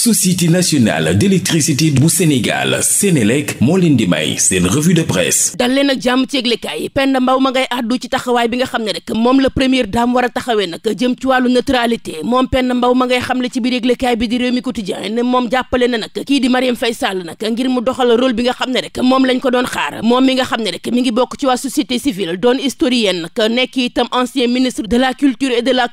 société nationale d'électricité bu Sénégal Sénélec moo leen di may seen revue de presse dal leen ak jàmm ci yëglekaay yi Penda ma ngay àddu ci taxawaay bi nga xam ne rek moom la première dame war a taxawee nag jëm ci wàllu neutralité moom Penda Mbaw ma ngay xamle ci biir yëglekaay bi di réew mi quotidien ne moom jàppale na nag kii di Marième Faye Sall nag ngir mu doxal rôle bi nga xam ne rek moom lañ ko doon xaar moom mi nga xam ne rek mi ngi bokk ci waa société civile doon historienne nag nekk itam ancien ministre la culture et de la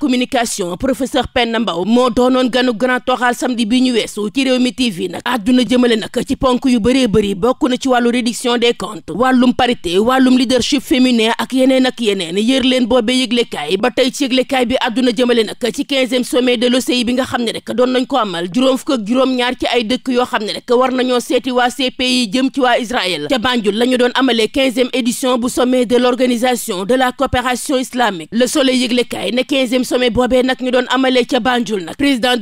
weesu ci réew mi TV nag àdduna jëmale nag ci bëri bokk na ci wàllu réduction des comptes wàllum parité wàllum leadership féminin ak yeneen ak yeneen yër leen boobee yëglekaay ba tey ci yëglekaay bi àdduna jëmale nag ci quinzième sommet de l'OCI bi nga xam ne rek doon nañ ko amal juróom fukk ak juróom-ñaar ci ay dëkk yoo xam ne rek war nañoo seeti waa CPI jëm ci waa Israël ca Banjul la ñu doon amalee quinzième édision bu sommet de l'organisation de la coopération islamique le soleil yëglekaay ne quinzième sommet boobee nag ñu doon amalee ca Banjul nag président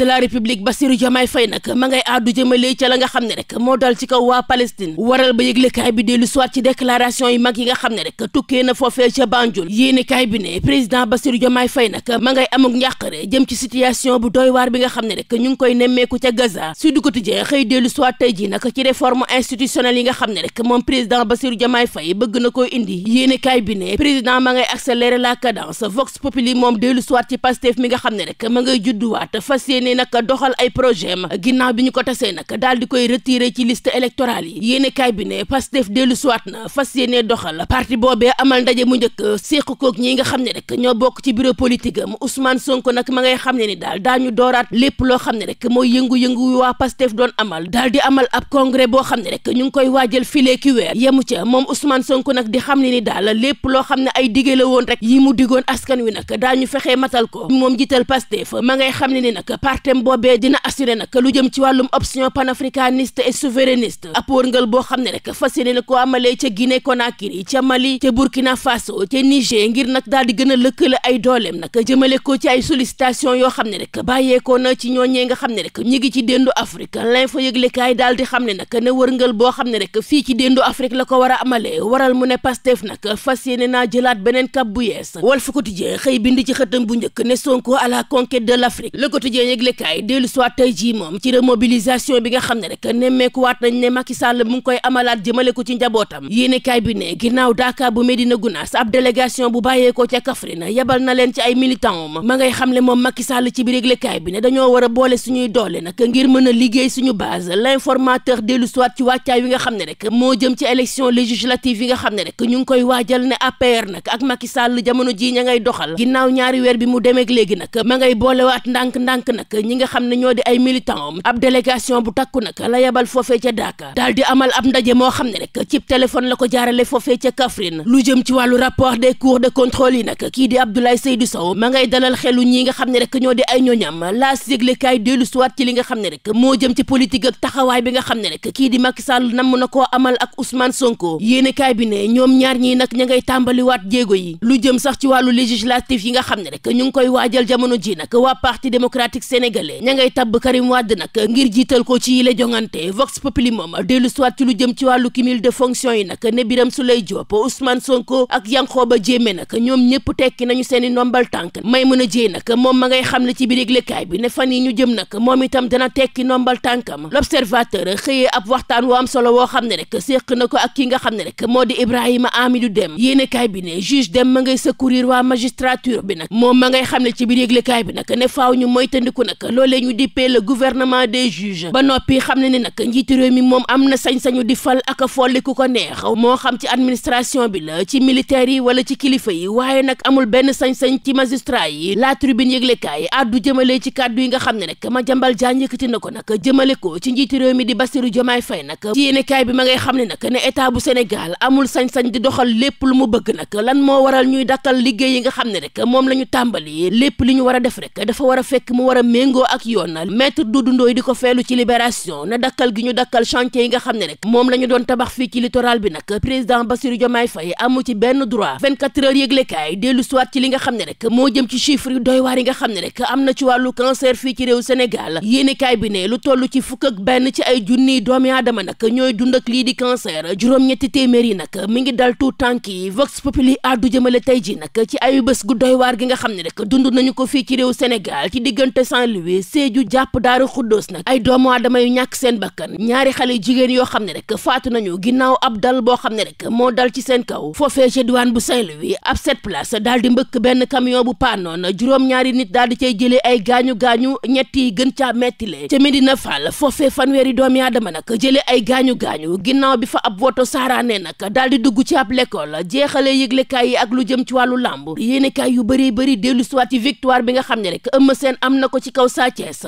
Ndiaye nag ma ngay àddu nga xam ne rek moo dal ci ba yëglekaay bi dellu soit ci déclaration yi mag yi nga xam ne rek tukkee na foofee ca Banjul yéenekaay bi ne président Bassirou Diomaye Faye nag ma ngay amuk bëgg na koo indi yéenekaay bi ne président ma ngay accélérer la cadence Vox Populi moom dellu soit ci Pastef mi nga xam ne rek ma ngay judduwaat fas doxal ay projet ginnaaw bi ñu ko tasee nag daal di koy retiré ci liste électorale yi yéene kaay bi ne Pastef dellu siwaat na fas yéene doxal parti boobee amal ndaje mu njëkk séq ñi nga xam ne rek ñoo bokk ci bureau politique am Ousmane Sonko nag ma ngay xam ne ni daal daañu dooraat lépp loo xam ne rek mooy yëngu-yëngu waa Pastef doon amal daal di amal ab congrès boo xam ne rek ñu ngi koy waajal filee ki weer yemu ca moom Ousmane Sonko nag di xam ne ni daal lépp loo xam ne ay dige la woon rek yi mu digoon askan wi nag daañu fexee matal ko moom jiital Pastef ma ngay xam ne ni nag partem boobee dina lu jëm ci wàllum option panafricaniste et souverainiste ab wërngal boo xam ne rek fas yéene na ko amalee ca Guinée Conakry ca Mali ca Burkina Faso ca Niger ngir nag daal di gën a lëkkale ay dooleem nag jëmale ko ci ay sollicitation yoo xam ne rek bàyyeekoo na ci ñooñee nga xam ne rek ñu ngi ci déndu Afrique l'info yëglekaay daal di xam ne nag ne wërngal boo xam ne rek fii ci déndu Afrique la ko war a amalee waral mu ne Pastef nag fas yéene naa jëlaat beneen kab bu yees Walf Quotidien xëy bind ci xëtam bu njëkk ne Sonko à la conquête de l'Afrique Le Quotidien yëglekaay jëm ci remobilisation bi nga xam ne rek nemmeekuwaat nañ ne Macky Sall mu ngi koy amalaat jëmale ko ci njabootam yéenekaay bi ne ginnaaw Dakar bu Medina Gounass ab délégation bu bàyyeekoo ca nag yebal na leen ci ay militants am ma ngay xam ne moom Macky Sall ci biir yëglekaay bi ne dañoo war a boole suñuy doole nag ngir mën a liggéey suñu base l'informateur dellu soit ci wàccaay wi nga xam ne rek moo jëm ci élection législative yi nga xam ne rek ñu ngi koy waajal ne APR nag ak Macky Sall jamono ji ña ngay doxal ginnaaw ñaari weer bi mu demeek léegi nag ma ngay boolewaat ndànk-ndànk nag ñi nga xam ne ñoo di ay militants ñoom ab délégation bu takku nag la yebal foofee ca Daaka daal di amal ab ndaje moo xam ne rek cib téléphone la ko jaarale foofee ca Kaffrine lu jëm ci wàllu rapport des cours de contrôle yi nag kii di Abdoulaye Seydou Sow ma ngay dalal xelu ñi nga xam ne rek ñoo di ay ñooñam laas yëglekaay dellu suwaat ci li nga xam ne rek moo jëm ci politique ak taxawaay bi nga xam ne rek kii di Macky Sall namm na koo amal ak Ousmane Sonko yéenekaay bi ne ñoom ñaar ñii nag ña ngay tàmbaliwaat jéego yi lu yi nga xam ji nag bëgg ngir jiital ko ci yile jongante Vox Populi moom dellu siwaat ci lu jëm ci wàllu cumul de fonction yi nag ne Birame Souleye Diop Ousmane Sonko ak Yankhoba Diémé nag ñoom ñëpp tekki nañu seen i ndombal tànk a Dièye nag moom ma ngay xam ne ci biir yëglekaay bi ne fan yi ñu jëm nag moom itam dana tekki ndombal tànkam L'Observateur xëyee ab waxtaan woo am solo woo xam ne rek séq na ko ak ki nga xam ne rek moo di Ibrahima Amidou Dème yéenekaay bi ne juge dem ma ngay secourir waa magistrature bi nag moom ma ngay xam ne ci biir yëglekaay bi nag ne faaw ñu moytandiku nag loolee ñu dippee le gouvernement gouvernement des juges ba noppi xam ne ni nag njiitu mi moom am na sañ-sañu di fal ak folli ku ko neex moo xam ci administration bi la ci militaire yi wala ci kilifa yi waaye nag amul benn sañ-sañ ci magistrat yi la tribune yëglekaay addu jëmale ci kàddu yi nga xam ne nag Madiambal Diagne yëkkati na ko nag jëmale ko ci njiitu réew mi di Bassirou Diomaye fay nag ci yéenekaay bi ma ngay xam ne nag ne état bu Sénégal amul sañ-sañ di doxal lépp lu mu bëgg nag lan moo waral ñuy dakkal liggéey yi nga xam ne rek moom la ñu tàmbali lépp li ñu war a def rek dafa war a fekk mu war a méngoo ak yoon Modou di ko feelu ci libération na dakkal gi ñu dakkal chantier yi nga xam ne rek moom la ñu doon tabax fii ci littoral bi nag président Bassirou Diomaye Faye amu ci benn droit 24 heures yëglekaay dellu siwaat ci li nga xam ne rek moo jëm ci chiffre yu doy yi nga xam ne rek am na ci wàllu cancer fii ci réew Sénégal yéenekaay bi ne lu toll ci fukk ak benn ci ay junniy doomi aadama nag ñooy dund ak lii di cancer juróom-ñetti téeméer yi nag mi ngi dal tout tànk yi Vox Populi addu jëmale tey ji nag ci ayu bés gu doy waar gi nga xam ne rek dund nañu ko fii ci réew Sénégal ci diggante Saint-Louis Sédhiou jàpp xuddoos nag ay doomu aadama yu ñàkk seen bakkan ñaari xale jigéen yoo xam ne rek faatu nañu ginnaaw ab dal boo xam ne rek moo dal ci seen kaw foofee ci diwaan bu Saint-Louis ab sept place daal di mbëkk benn camion bu paanoon juróom-ñaari nit daal di cay jëlee ay gaañu-gaañu ñetti gën caa metti le ca Medina Fall foofee fanweeri yaa dama nag jëlee ay gaañu-gaañu ginnaaw bi fa ab woto saaraane nag daal di dugg ci ab l'école jeexale yëglekaay yi ak lu jëm ci wàllu làmb yéenekaay yu bëri bëri dellu siwaat ci victoire bi nga xam ne rek Eumeu Sène am na ko ci kaw Sa Thiès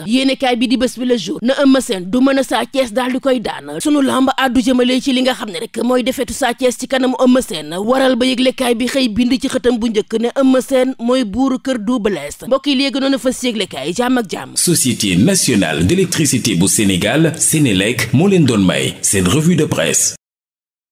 ci bés bi la jour na Eumeu Sène du mën Sa Thiès daal di koy daan sunu làmb àddu jëmale ci li nga xam ne rek mooy defetu Sa Thiès ci kanamu Eumeu na waral ba yëglekaay bi xëy bind ci xëtam bu njëkk ne Eumeu seen mooy buuru kër Double Less mbokk yi léegi noonu fas yëglekaay jàmm ak jàmm Société nationale d'électricité bu Sénégal Sénélec moo leen doon may seen revue de presse